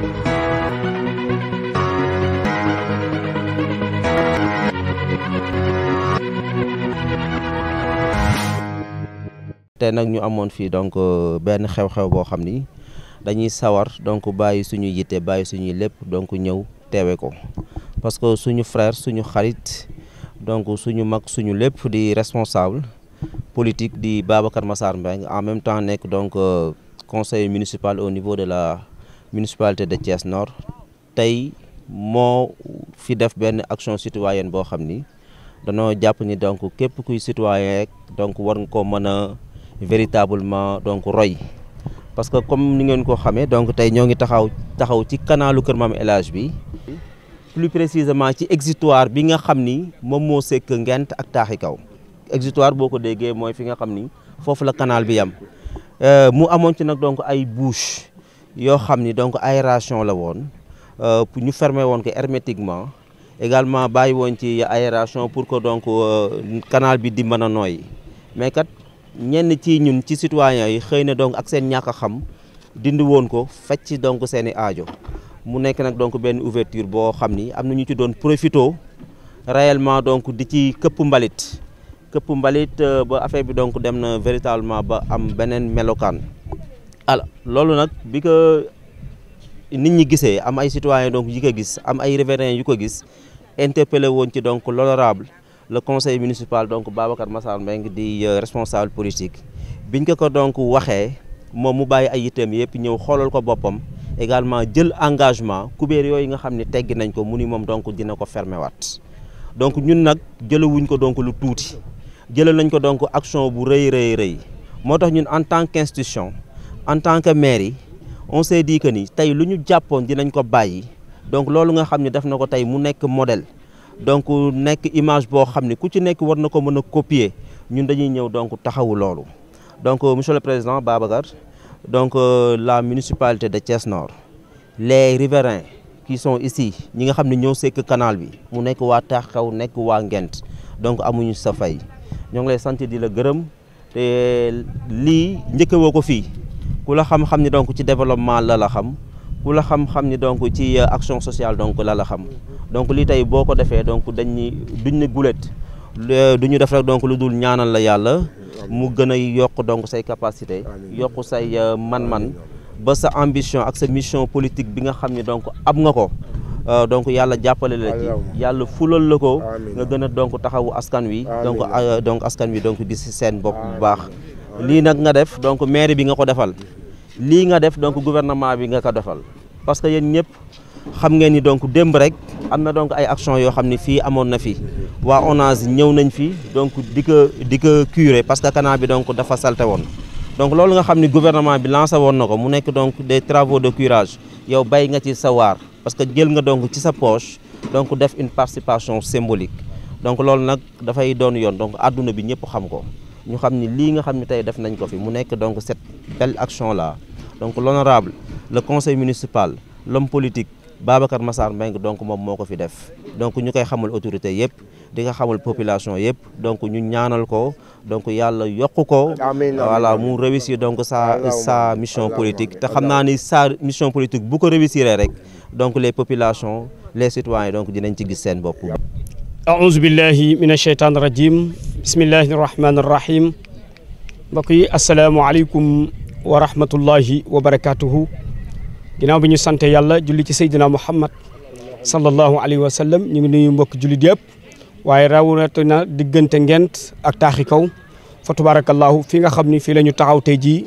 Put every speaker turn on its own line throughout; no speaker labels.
te nag ñu amoon fii donc euh, benn xew-xew boo xam ni dañuy sawar donc bàyyi suñu yitte bàyyi suñuy lépp donc ñëw teewe ko parce que suñu frère suñu xarit donc suñu mag suñu lépp di responsable politique di Babacar Massar Mbengue en même temps nekk donc euh, conseiller municipal au niveau de la municipalité de Thiès Nord tey moo fi def benn action citoyenne boo xam ni danoo jàpp ni donc képp kuy citoyen rek donc war nga ko mën a véritablement donc roy parce que comme ni ngeen ko xamee donc tey ñoo ngi taxaw taxaw ci kanaalu Kër Maam El Hadj bi plus précisément ci exutoire bi nga xam ni moom moo sekk ngent ak taaxi kaw exutoire boo ko déggee mooy fi nga xam ni foofu la kanaal bi yam euh, mu amoon ci nag donc ay bouche yoo xam ni donc aération la woon euh, pour ñu fermer woon ko hermétiquement également bàyyi woon ci aération pour que donc euh, canal bi di mën a nooy mais kat ñenn ci ñun ci citoyens yi xëy na donc ak seen ñàkk xam dindi woon ko fecc donc seen i aajo mu nekk nag donc benn ouverture boo xam ni am na ñu ci doon profito réellement donc di ci këpp mbalit këpp mbalit euh, ba affaire bi donc dem na véritablement ba am beneen melokaan alors loolu nag bi ko nit ñi gisee am ay citoyens donc yi ko gis am ay riverains yu ko gis interpellé woon ci donc l'honorable le conseil municipal donc Babacar Massar Mbengue di euh, responsable politique biñ ko ko donc waxee moom mu bàyyi ay itam yëpp ñëw xoolal ko boppam également jël engagement kubéer yooyu nga xam ni teggi nañ ko mu ni moom donc dina ko fermer waat donc ñun nag jëlawuñ ko donc lu tuuti jëlal nañ ko donc action bu rëy rëy rëy moo tax ñun en tant qu'institution en tant que maire yi on s'est dit que ni tey lu ñu jàppoon dinañ ko bàyyi donc loolu nga xam ne def na ko tey mu nekk modèle donc nekk image boo xam ne ku ci nekk war na ko mën a copier ñun dañuy ñëw donc taxawu loolu donc euh, monsieur le président Babacar donc euh, la municipalité de Thiès Nord les riverains qui sont ici ñi nga xam ne ñoo sekk canal bi mu nekk waa Taxaw nekk waa Ngent donc amuñu sa fay ñoo ngi lay sant di la gërëm te lii njëkkewoo ko fii ku la xam-xam ni donc ci développement la la xam ku la xam-xam ni donc ci euh, action sociale donc la la xam donc li tey boo ko defee donc dañuy duñ ne gulet euh, du ñu def rek donc lu dul ñaanal la yàlla mu gën a yokk donc say capacité yokk say euh, man-man ba sa ambition ak sa mission politique bi nga xam ni donc am nga ko donc yàlla jàppale la ci yàlla fulal la ko nga gën a donc taxawu askan wi donc donc askan wi donc gis seen bopp bu baax lii nag nga def donc maire lii nga def donc gouvernement bi nga ko defal parce que yéen ñëpp xam ngeen ni donc démb rek am na donc ay action yoo xam ne fii amoon na fi waa ONAS ñëw nañ fi donc di ko di ko curé parce que canal bi donc dafa salte woon donc loolu nga xam ni gouvernement bi lancé woon na ko mu nekk donc des travaux de curage yow bay nga ci sa waar parce que jël nga donc ci sa poche donc def une participation symbolique donc loolu nag dafay doon yoon donc àdduna bi ñëpp xam ko ñu xam ni lii nga xam ne tey def nañ ko fi mu nekk donc cette belle action la donc l'honorable le conseil municipal l'homme politique Babacar Massar Mbengue donc moom moo ko fi def donc ñu koy xamal autorité yëpp di nga xamal population yëpp donc ñu ñaanal ko donc yàlla yokk ko voilà mu réussir donc sa sa mission politique te xam naa ni sa mission politique bu ko réussir rek donc les population les citoyens donc dinañ ci gis seen bopp aouzu
billahi min asheytaan irajim bismillahi irrahmani irrahim mbokk yi asalaamualeykum wa rahmatullahi wa barakatuhu ginnaaw bi ñu sante yàlla julli ci seydina muhammad sallallahu alayhi wa sallam ñu ngi nuyu mbokk jullit yëpp waaye rawatina diggante ngeent ak taaxi kaw fa tabarakallahu fi nga xam ni fii la ñu taxaw tey jii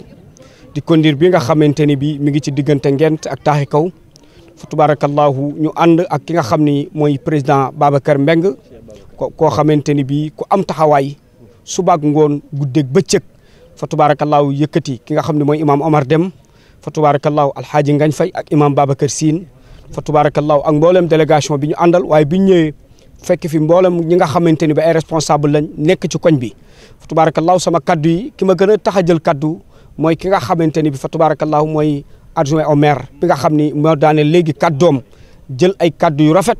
di kondir bi nga xamante ni bi mi ngi ci diggante ngent ak taaxi kaw foto fa tubaarakallaahu ñu ànd ak ki nga xam ni mooy président Babacar mbeng ko koo xamante ni bii ku am taxawaay subaak ngoon guddeeg bëccëg fa tubaarakallaahu yëkkati ki nga xam ne mooy imaam Omar Dem fa tubaarakallaahu alxaaji Ngañ Fay ak imaam Babacar Siin fa tubaarakallaahu ak mboolem délégation bi ñu àndal waaye bi ñu ñëwee fekk fi mboolem ñi nga xamante ni ba ay responsable lañ nekk ci koñ bi fa tubaarakallaahu sama kaddu yi ki ma gën a tax a jël kaddu mooy ki nga xamante ni bi fa mooy adjoint au maire bi nga xam ni moo daane léegi kàddoom jël ay kàddu yu rafet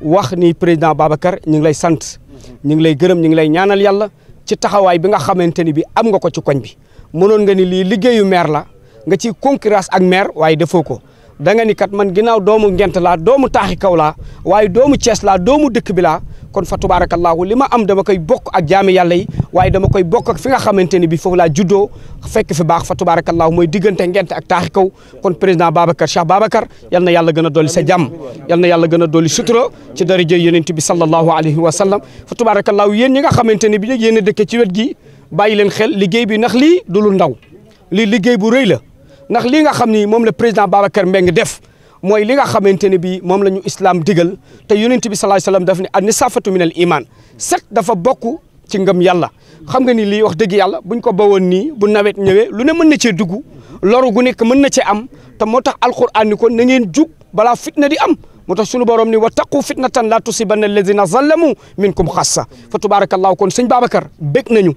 wax ni président Babacar ñu ngi lay sant ñu ngi lay gërëm ñu ngi lay ñaanal yàlla ci taxawaay bi nga xamante ni bi am nga ko ci koñ bi mënoon nga ni lii liggéeyu maire la nga ci concurrence ak maire waaye defoo ko da nga ni kat man ginnaaw doomu ngent laa doomu taaxi kaw laa waaye doomu Cees laa doomu dëkk bi laa kon fa tubaarakallaahu li ma am dama koy bokk ak jaami yàlla waaye dama koy bokk ak fi nga xamante ni bi foofu laa juddoo fekk fi baax fa tubaarakallaahu mooy diggante ngent ak taaxi kaw kon président Babacar Cheikh Babacar yal na yàlla gën a dolli sa jàmm yal yàlla gën a dolli sutura ci daraja yonent bi sallallahu alayhi wa sallam fa tubaarakallaahu yéen ñi nga xamante ni bi yéen a dëkkee ci wet gi bàyyi leen xel liggéey bi ndax lii du lu ndaw lii liggéey bu rëy la ndax li nga xam ni moom la président Babacar Mbengue def mooy li nga xamante ne bii moom la ñu islaam digal te yonent bi sallallahu alayhi def daf ne an-nisaafatu minal iman set dafa bokk ci ngëm yàlla xam nga ni lii wax dëgg yàlla buñ ko bawoon nii bu nawet ñëwee lu ne mën na cee dugg loro gu nekk mën na cee am te moo tax alquran ni ko na ngeen jug balaa fitna di am moo tax sunu borom ni wattaqu fitnatan la tusibanna alladina zalamu minkum xassa fa tabarakallahu kon sëñ Babacar bég nañu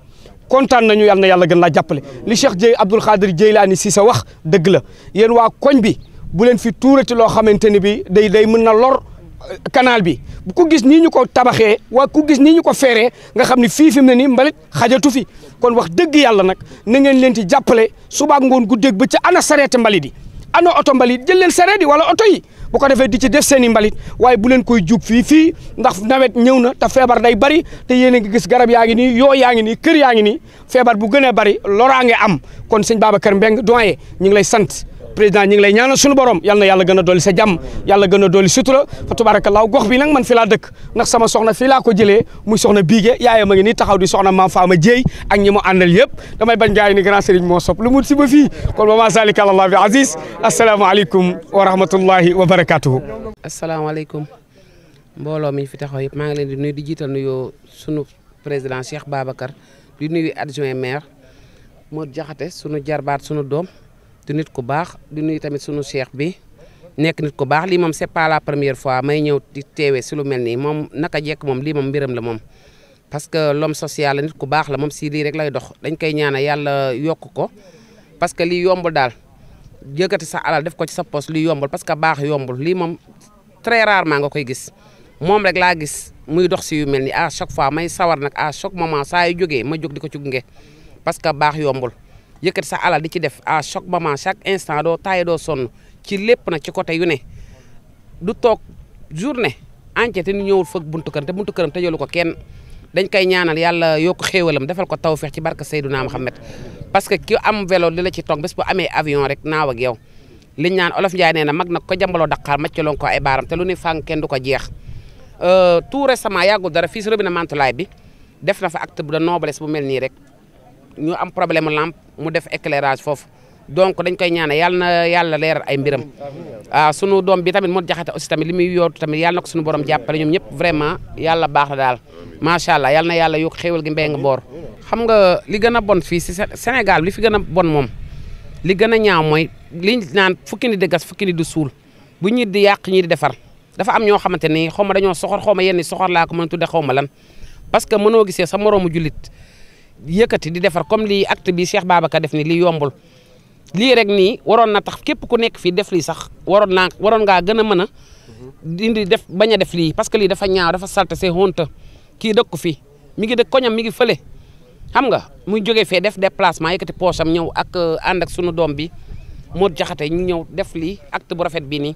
kontaan nañu yal na yàlla gën laa jàppale li Cheikh Dieye Abdoul Khadir Jeylaani si sa wax dëgg la yéen waa koñ bi bu leen fi tuurati loo xamante ni bi day day mën na lor euh, canal bi ku gis nii ñu ko tabaxee waa ku gis nii ñu ko feeree nga xam ni fii fi mu ni nii mbalit xajatu fi kon wax dëgg yàlla nag na ngeen leen ci jàppale subaak ngoon guddeeg ba ca ana sareeti mbalit yi ana oto mbalit jël leen sareet yi wala oto yi bu ko defee di ci def seen i mbalit waaye bu leen koy jug fii fii ndax nawet ñëw na ta feebar day bari te yéen a ngi gis garab yaa ngi ni yoo yaa ngi ni kër yaa ngi ni feebar bu gënee bari loraa nga am kon sëñ Babacar Mbeng doyen ñu ngi lay sant président ñi ngi lay ñaanal suñu borom yal yàlla gën a sa jàmm yàlla gën a dolli sutura fa tubaarakalaaw gox bi nag man fi laa dëkk ndax sama soxna fii laa ko jëlee mu soxna biige yaayam a ngi nii taxaw di soxna maam faama jéey ak ñi mu àndal yëpp damay bañ gaay ni grand sëriñ moo sopp lu mu si ba fii kon ba maa zalika alallaahu bi aziz asalaamaaleykum wa rahmatullahi wa barakatuhu
asalaamaaleykum mbooloo mi fi taxaw yëpp maa ngi leen di nuyu di jiital nuyoo sunu président Cheikh Babacar di nuyu adjoint maire Modou Diakhaté sunu jarbaat sunu doom di nit ku baax di nuyu tamit suñu cheikh bi nekk nit ku baax lii moom c'est pas la première fois may ñëw di teewee si lu mel nii moom naka jekk moom lii moom mbiram la moom. parce que l'homme social la nit ku baax la moom si lii rek lay dox dañ koy ñaanal yàlla yokk ko parce que lii yombul daal yëkkati sa alal def ko ci sa poche lii yombul parce que baax yombul lii moom très rarement nga koy gis. moom rek laa gis muy dox si yu mel ni à chaque fois may sawar nag à chaque moment saa yu jógee ma jóg di ko ci gunge parce que baax yombul. yëkkati sa alal di ci def à chaque moment chaque instant doo taaye doo sonn ci lépp na ci côté yu du toog journée entière te ni ñëwul foog buntu këram te buntu këram te jëlu ko kenn dañ koy ñaanal yàlla yokk xéewalam defal ko tawfeex ci barka Seydouna Mohamed parce que ki am vélo li la ci toog bés bu amee avion rek naaw ak yow liñ naan olof Ndiaye nee na mag nag ko jambaloo daqaar maccaloon ko ay baaram te lu ne fànn kenn du ko jeex euh, tout récemment yàggul dara fii si robinet Mantoulaye bi def na fa acte bu de noblesse bu mel nii rek ñu am problème lampe mu def éclairage foofu donc dañ koy ñaanal yàlla na yàlla leeral ay mbiram ah sunu doom bi tamit moo jaxate aussi tamit li muy yootu tamit yàlla na ko sunu borom jàppale ñoom ñëpp vraiment yàlla baax la daal macha allah na yàlla yokk xéewal gi mbéy nga boor. xam nga li gën a bon fii si Sénégal li fi gën a bon moom li gën a ñaaw mooy liñ naan fukki nit di gas fukki nit di suul bu ñit di yàq ñi di defar dafa am ñoo xamante ni xaw ma dañoo soxor xaw ma yenn soxor laa ko mën a tudde xaw ma lan parce que mënoo gisee sa moroomu jullit yëkkati di defar comme lii acte bi Cheikh Babacar def ni lii yombul lii rek nii waroon na tax képp ku nekk fii def lii sax waroon naa waroon ngaa gën a mën a dindi def bañ a def lii parce que lii dafa ñaaw dafa salte c'est honte kii dëkk fii mi ngi dëkk koñam mi ngi fële xam nga muy jógee fee def déplacement yëkkati poosam ñëw ak euh, ànd ak sunu doom bi moo jaxate ñu ñëw def lii acte bu rafet bi nii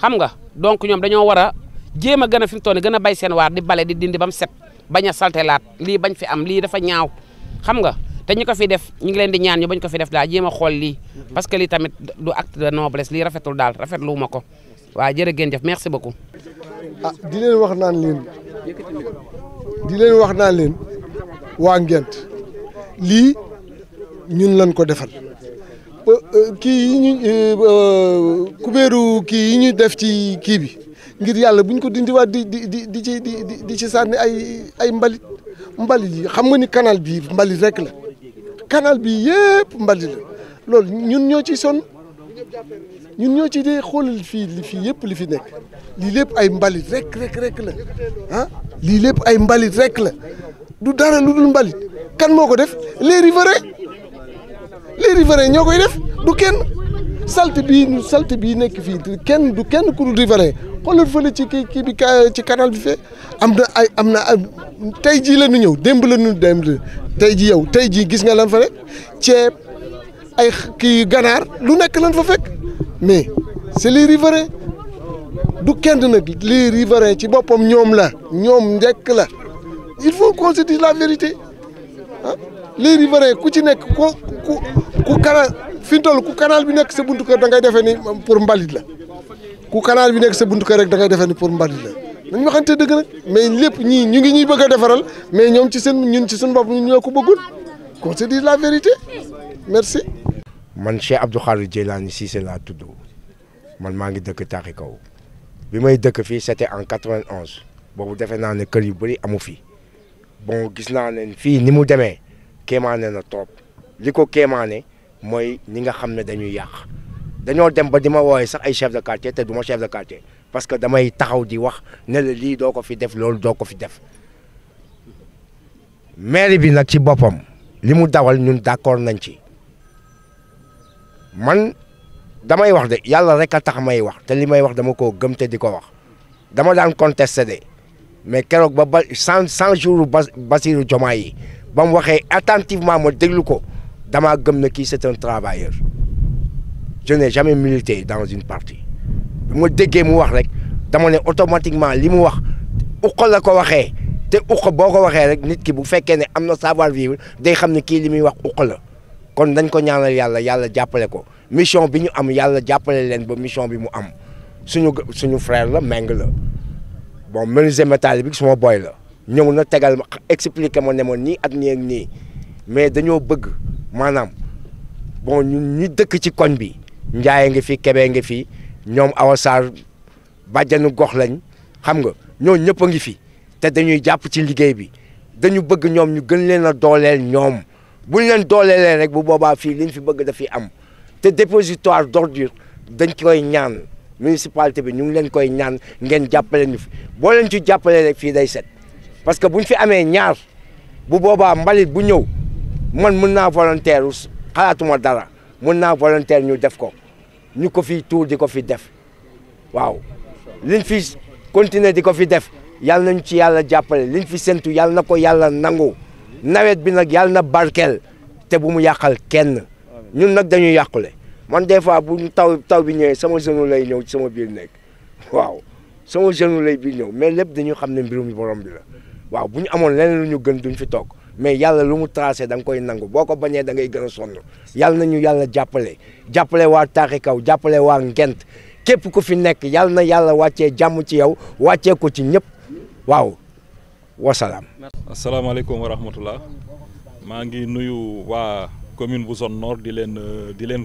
xam nga donc ñoom dañoo war a jéem a gën a fi mu toll gën a bay seen waar di bale di dindi ba mu set bañ a lii bañ fi am lii dafa ñaaw xam nga te ñu ko fi def ñu ngi leen di ñaan ñu bañ ko fi def daal jéem a xool lii mhm. parce que lii tamit du acte de noblesse lii rafetul daal rafetlu ma ko waa jër ngeen jëf merci beaucoup.
ah di wax naan leen wax naan leen waa Ngent lii ñun lan ko defal kii yi ñu e, kubéeru kii yi ñu def ci kii bi ngir yàlla buñ ko dindiwaat di di di di ci di ci sànni ay ay mbalit. mbalit yi xam nga ni canal bii mbali rek la canal bii yëpp mbalit la loolu ñun ñoo ci sonn ñun ñoo ci dee xoolal fii li fii yëpp li fi nekk lii lépp ay mbalit rek rek rek la ah, lii lépp ay mbalit rek la du dara lu dul mbalit kan moo ko def les riverains les riverains ñoo koy def du kenn salte bii salte bii nekk fii kenn du kenn ku dul xoolal fële ci kii kii bi ci canal bi fee am na ay am na tey jii la ñu ñëw démb la ñu démb tey jii yow tey jii gis nga lan fa rek ceeb ay kii ganaar lu nekk lan fa fekk mais c'est li riverains du kenn nag les riverains ci boppam ñoom la ñoom njëkk la il faut qu'on la vérité ah les ku ci nekk ku ku ku canal fi mu toll ku canal bi nekk sa buntu kër da ngay defee ni pour mbalit la. ku canal bi nekk sa buntu kër rek da ngay defee ni pour mbali la nañ waxante dëgg nag mais lépp ñi ñu ngi ñuy bëgg a defaral mais ñoom ci seen ñun ci suñu bopp ñun ñoo ko bëggul qu'on se dise la vérité merci.
man Cheikh Abdou Khadir Djeylani Cissé laa tudd man maa ngi dëkk Taaxi Kaw bi may dëkk fii c'était en 91 boobu defe naa ne kër yu bëri amu fii bon gis naa ne fii ni mu demee kéemaane na trop li ko kéemaane mooy ni nga xam ne dañuy yàq. dañoo dem ba di ma wooye sax ay chef de quartier te du ma chef de quartier parce que damay taxaw di wax ne lii doo ko fi def loolu doo ko fi def maire bi nag ci boppam li mu dawal ñun d'accord nañ ci man damay wax de yàlla rek a tax may wax te li may wax dama koo gëm di ko wax dama daan contesté de mais keroog ba ba cent cent jours ba Bassirou Diomaye yi ba mu waxee attentivement ma déglu ko damaa gëm na kii c'est un travailleur je n'ai jamais milité dans une partie bi ma dëggee mu wax rek dama ne automatiquement li mu wax uqa la ko waxee te uqa boo ko waxee rek nit ki bu fekkee ne am na savoir vivre day xam ne kii li muy wax uqa kon dañ ko ñaanal yàlla yàlla jàppale ko mission bi ñu am yàlla jàppale leen ba mission bi mu am suñu suñu frère la meng la bon menuisier métallique bi suma boy la ñëw na tegal ma expliqué ma ne ma nii ak nii nii mais dañoo bëgg maanaam bon ñun ñu dëkk ci koñ bi Ndiaye ngi fi Kébé ngi fi ñoom Awa Sarr bàjjanu gox lañ xam nga ñoo ñëpp a ngi fi te dañuy jàpp ci liggéey bi dañu bëgg ñoom ñu gën leen a dooleel ñoom buñ leen dooleelee rek bu boobaa fii liñ fi bëgg dafiy am te dépositoire d'ordure dañ koy ñaan municipalité bi ñu ngi leen koy ñaan ngeen jàppale ñu fi boo leen ci jàppalee rek fii day set parce que buñ fi amee ñaar bu boobaa mbalit bu ñëw man mën naa volontaire xalaatuma dara mën naa volontaire ñu def ko ñu ko fi tuur di ko fi def waaw liñ fi continuer di ko fi def yàlla nañu ci yàlla jàppale liñ fi sentu yàlla na ko yàlla nangu nawet bi nag yàlla na barkel te bu mu yàqal kenn ñun nag dañuy yàqule man des fois bu taw taw bi ñëwee sama genou lay ñëw sama biir nekk waaw sama genou lay bi ñëw mais lépp dañu xam ne mbirum borom bi la waaw bu ñu amoon leneen lu ñu gën duñ fi toog mais yàlla lu mu tracé da nga koy nangu boo ko bañee da ngay gën a sonn yàlla nañu yàlla jàppale jàppale waa taaxi kaw jàppale waa ngent képp ko fi nekk yàlla na yàlla wàccee jàmm ci yow wàccee ko ci ñëpp waaw wasalaam.
asalaamaaleykum wa rahmatullah maa ngi nuyu waa commune bu zone nord di leen di leen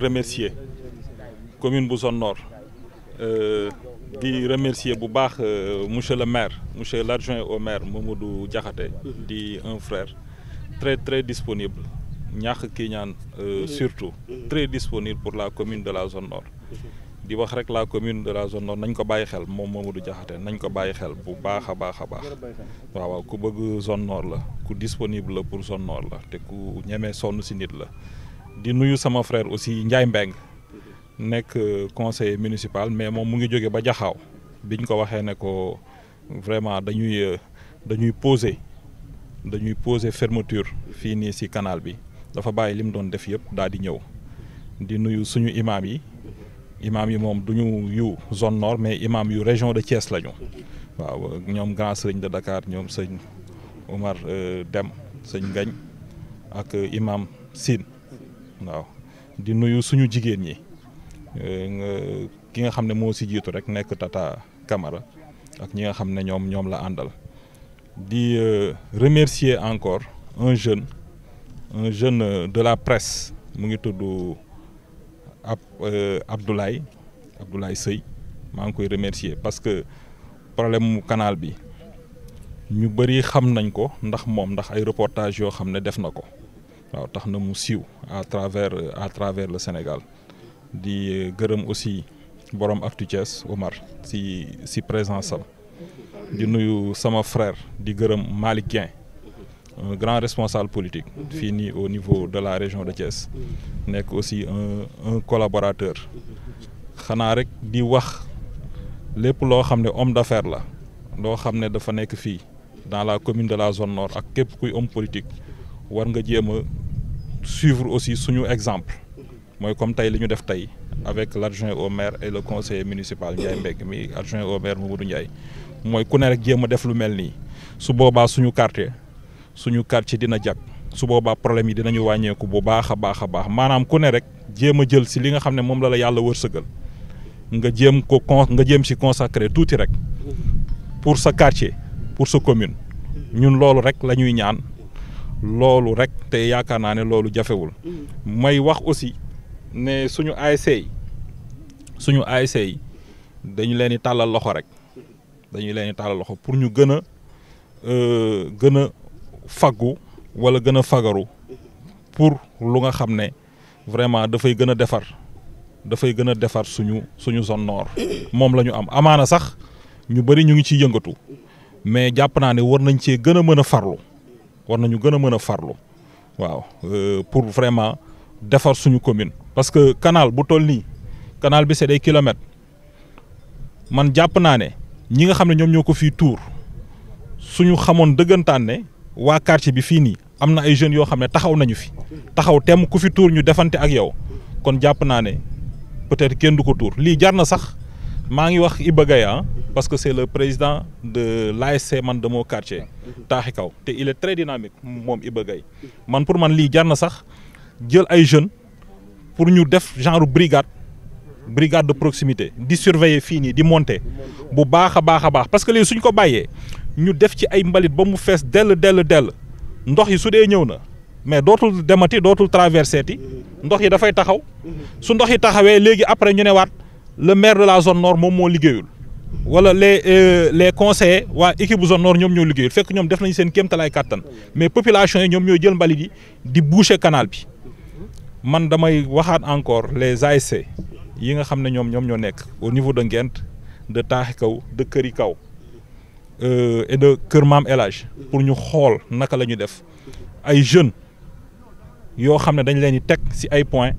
commune bu zone nord euh, di remercier bu baax euh, monsieur le maire monsieur l' adjoint au maire moom du Diakhaté di un frère. très très disponible ñax kii ñaan euh, mhm. surtout mhm. très disponible pour la commune de la zone nord mhm. di wax rek la commune de la zone nord nañ ko bàyyi xel moom moom du Diakhaté nañ ko bàyyi xel bu baax a baax a baax waaw waaw ku bëgg zone nord la ku disponible la pour zone nord la te ku ñemee sonn si nit la di nuyu sama frère aussi Ndiaye Mbeng nekk euh, conseiller municipal mais moom mu ngi jóge ba jaxaaw biñ ko waxee ne ko vraiment dañuy euh, dañuy dañuy poser fermeture fii nii ci kanaal bi dafa bàyyi li mu doon def yëpp daal di ñëw di nuyu suñu imaam yi imaam yi moom duñu ñu yu zone nord mais imaam yu région de Thiès lañu waaw ñoom grand sëñ de Dakar ñoom sëñ Omar euh, Dem sëñ gañ ak euh, imaam siin waaw di nuyu suñu jigéen ñi euh, ki nga xam ne moo ci jiitu rek nekk Tata Camara ak ñi nga xam ne ñoom ñoom la àndal. di euh, remercier encore un jeune un jeune euh, de la presse mu ngi tudd ab euh, Abdoulaye Abdoulaye Seye maa ngi koy remercier parce que problème mu canal bi ñu bëri xam nañ ko ndax moom ndax ay reportage yoo xam ne def na ko waaw tax na mu siiw à travers à travers le Sénégal di gërëm aussi borom Actu Thiès Omar si si présent am di nuyu sama frère di gërëm Malick Dieng grand responsable politique fii nii au niveau de la région de Thiès nekk aussi un un collaborateur xanaa rek di wax lépp loo xam ne homme d'affaires la loo xam ne dafa nekk fii dans la commune de la zone nord ak képp kuy homme politique war nga jéem a suivre aussi suñu exemple mooy comme tey li ñu def tey avec l'adjoint au maire et le conseiller municipal Ndiaye Mbeg mi adjoint au maire Mamadou Ndiaye mooy ku ne rek jéem a def lu mel nii su boobaa suñu quartier suñu quartier dina jag su boobaa problème yi dinañu wàññeeku bu baax a baax a baax maanaam ku ne rek jéem a jël si li nga xam ne moom la la yàlla wërsëgal nga jéem ko con nga jéem si consacré tuuti rek pour sa quartier pour sa commune ñun loolu rek la ñuy ñaan loolu rek te yaakaar naa ne loolu jafewul mm. may wax aussi. ne suñu ASC yi suñu ASC yi dañu leen di tàllal loxo rek dañu leen tàllal loxo pour ñu gën a euh, gën a faggu wala gën a fagaru pour lu nga xam ne vraiment dafay gën a defar dafay gën a defar suñu suñu zone nord moom la ñu am amaana sax ñu bëri ñu ngi ciy yëngatu mais jàpp naa ne war nañ cee gën a mën a farlu war nañu gën a mën a farlu waaw euh, pour vraiment defar suñu commune parce que canal bu toll nii canal bi c'est des kilomètres man jàpp naa ne ñi nga xam ne ñoom ñoo ko fii tuur suñu xamoon dëggantaan ne waa quartier bi fii nii am na ay jeunes yoo xam ne taxaw nañu fi taxaw temm ku fi tuur ñu defante ak yow kon jàpp naa ne peut-être kenn du ko tuur lii jar na sax maa ngi wax Iba Gaye ah, parce que c'est le président de l'ASC man de mon quartier taaxi kaw te il est très dynamique moom Iba Gaye man pour man lii jar na sax jël ay jeunes. pour ñu def genre brigade brigade de proximité di surveiller fii nii di monter bu baax a baax a baax parce que léegi suñ ko bàyyee ñu def ci ay mbalit ba mu fees dell dell dell ndox yi su dee ñëw na mais dootul demati dootul traversé ti ndox yi dafay taxaw su ndox yi taxawee léegi après ñu ne waat le maire de la zone nord moom moo liggéeyul wala les euh, les conseillers waa équipe zone nord ñoom ñoo liggéeyul fekk ñoom def nañu seen kéemtalaay kàttan mais population yi ñoom ñooy jël yi di boucher canal bi. man damay waxaat encore les ASC yi nga xam ne ñoom ñoom ñoo nekk au niveau de Nguinth de Taaxi Kaw de Këri Kaw euh, et de Kër Maam El pour ñu xool naka la ñu def ay jeunes yoo xam ne dañ leen di teg ci ay points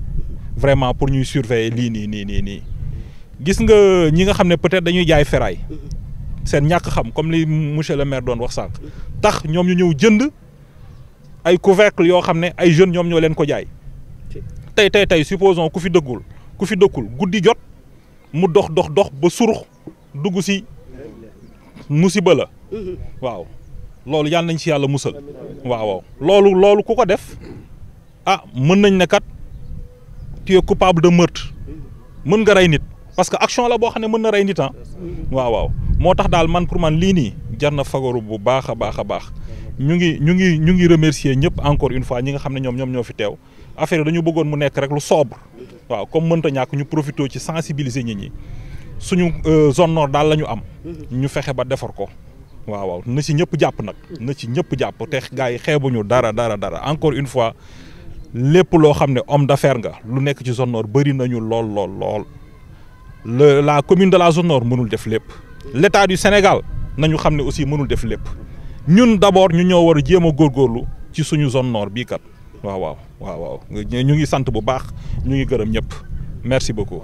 vraiment pour ñuy surveiller lii nii nii nii nii gis nga ñi nga xam ne peut-être dañuy jaay feraay seen ñàkk xam comme li monsieur le maire doon wax sànq tax ñoom ñu ñëw jënd ay couvercle yoo xam ne ay jeunes ñoom ñoo leen ko jaay. tey tey tey supposons ku fi dëggul ku fi dëkkul guddi jot mu dox dox dox ba surux dugg si musiba la waaw loolu yàlla nañ si yàlla musal waaw waaw loolu loolu ku ko def ah mën nañ ne kat tu es coupable de meurtre mën nga rey nit parce que action la boo xam ne mën na rey nit ah waaw waaw moo tax daal man pour man lii nii jar na fagoro bu baax a baax a baax ñu ngi ñu ngi ñu ngi remercier ñëpp encore une fois ñi nga xam ne ñoom ñoom ñoo fi teew affaire dañu bëggoon mu nekk rek lu sobre waaw comme mënta ñàkk ñu profité ci sensibiliser nit ñi suñu euh, zone nord daal la ñu am ñu fexe ba defar ko waaw waaw na ci ñëpp jàpp nag na ci ñëpp jàpp te gars yi ñu dara dara dara encore une fois lépp loo xam ne homme d'affaires nga lu nekk ci zone nord bëri nañu lool lool lool la commune de la zone nord mënul def lépp l'état du Sénégal nañu xam ne aussi mënul def lépp ñun d'abord ñu ñoo war a jéem a góorgóorlu ci suñu zone nord bii waaw waaw ñu ngi sant bu baax ñu ngi gërëm ñëpp merci beaucoup.